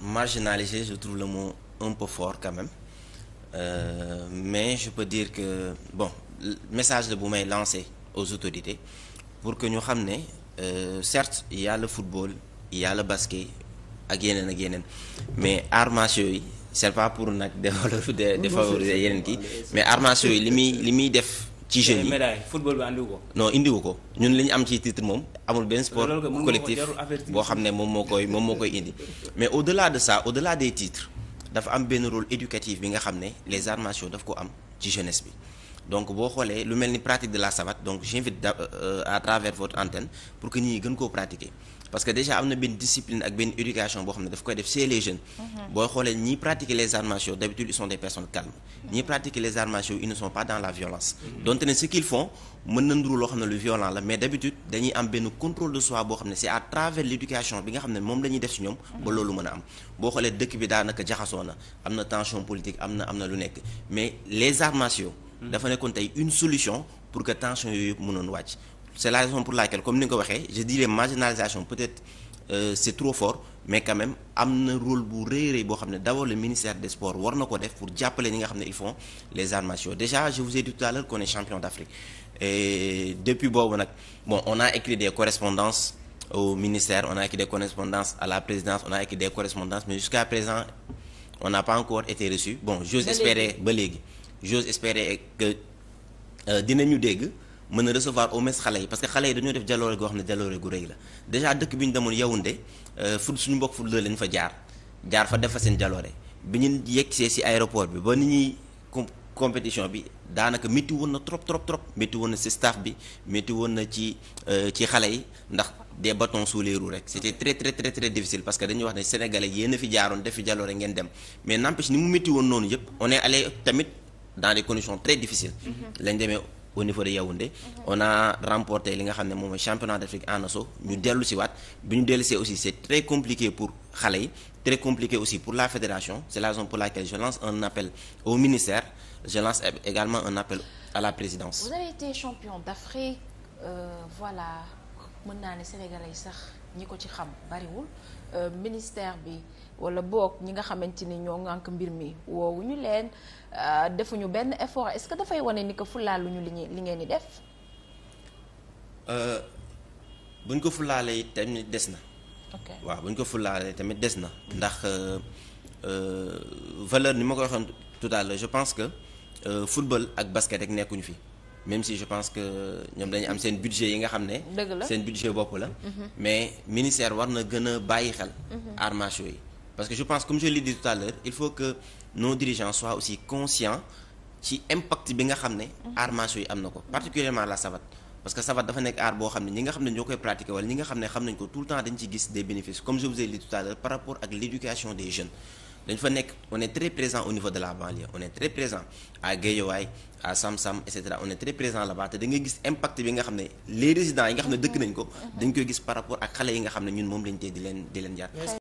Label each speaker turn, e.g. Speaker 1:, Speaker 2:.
Speaker 1: marginalisé je trouve le mot un peu fort quand même euh, mais je peux dire que bon message la bu may lancé aux autorités pour que ñu xam ne euh, certes il y a le football il basket ak yeneen ak yeneen mais arts martiaux yi c'est pas pour nag dévaloriser défavoriser yeneen kii mais arts yi li muy li muy def ci jeunes yi médaille football ko. non indiwu ko ñun li ñu am ci titre moom amul benn sport collectif boo xam ne moom moo koy moom moo koy indi mais au delà de ça au delà des titres dafa am benn rôle éducatif bi nga xam ne les arts martiaux ko am ci jeunesse bi donc boo xoolee lu mel ni pratique de la savate donc j'invite euh, à travers votre antenne pour que nit ñi gën koo pratiquer parce que déjà am na benn discipline ak benn éducation boo xam ne daf koy def c'est les jeunes. Mhm. booy xoolee ñiy pratiquer les arts martiaux d'habitude ils sont des personnes calmes. ñiy pratiquer les arts martiaux ils ne pas dans la violence. Mhm. donc ne ce qu'ils font mën na nduru loo xam ne lu violent la mais d'habitude dañuy am benn contrôle de soi boo xam ne c'est à travers l'éducation bi nga xam ne moom la def ci ñoom. Mhm. ba loolu mën a am boo xoolee dëkk bi daanaka jaxasoo am na tension politique am na am na solution pour que tension yooyu yëpp c'est la raison pour laquelle comme ni nga ko waxee je dirais marginalisation peut-être euh, c'est trop fort mais quand am na rôle bu rëy rëy boo xam ne d'abord le ministère des sports war na ko def pour jàppale ñi nga xam ne ils font les arts martiaux déjà je vous ai tout à l'heure qu'on champion d'Afrique depuis boobu nag bon on a écrit des correspondances au ministère on a écrit des correspondances à la présidence on a écrit des correspondances mais jusqu'à présent on n'a pas encore été reçu bon j'ose espérer ba léegi j'ose espérer que euh, dinañu dégg mën na recevoir au moins xale yi parce que xale yi dañoo def jaloore goo xam ne jaloore gu rëy la déjà dëkk bi ñu demoon Yaoundé euh, fu suñu mbokk fu la leen fa jaar jaar fa def fa seen jaloore bi ñu see ci aéroport bi ba ni ñuy compétition bi daanaka métti woon na trop trop trop métti woon na ci staff bi métti woon na ci euh, ci xale yi ndax des bâtons sous rek c'était très très très très difficile parce que dañuy wax ne sénégalais yéen a fi jaaroon def fi jaloore ngeen dem mais n'empêche ni mu métti noonu yëpp on est allé tamit dans très difficiles mm-hmm. lañ demee au niveau de Yaoundé mhm. on a remporté li nga xam ne moom mooy championnat d'Afrique en ñu dellu waat bi ñu dellu aussi c'est très compliqué pour xale yi très compliqué aussi pour la fédération c'est la raison pour laquelle je lance un appel au ministère je lance également un appel à la présidence. Vous avez été champion d'Afrique euh, voilà. mën naa ne sénégalais yi sax ñi ko ci xam bariwul euh, ministère bi wala boog ñi nga xamante ni ñoo ŋànk mbir mi wowuñu leen euh, defuñu benn effort est-ce que dafay wane ni ko fulaaluñu li li ngeen di def. Euh, buñ ko fulaalee tamit des na. ok waaw buñ ko fulaalee tamit des na. ndax valeur ni ma ko waxoon tout à je pense que football ak basket rek nekkuñu fi. même si je pense que ñoom dañu am seen budget yi nga xam ne. seen budget bopp la. Mhm. mais ministère war na gën a bàyyi xel. Mhm. arts martiaux yi parce que je pense comme je l'ai dit tout il faut que nos dirigeants soient aussi conscients ci impact bi nga xam ne. Mhm. arts martiaux yi am na ko particulièrement la savate. parce que savate dafa nekk art boo xam ne ñi nga xam ne ñoo koy pratiquer wala ñi nga xam ne xam nañ ko tout le temps dañ ci gis des bénéfices comme je dañu fa nekk on est très présent au niveau de la banlieue on est très présent à Guédiawaye à Sam on est très présent là-bas te da gis impact bi nga xam ne les résidents yi nga xam ne dëkk nañ ko dañ koy gis par rapport ak xale yi nga xam ne ñun moom lañ tey di leen di leen yar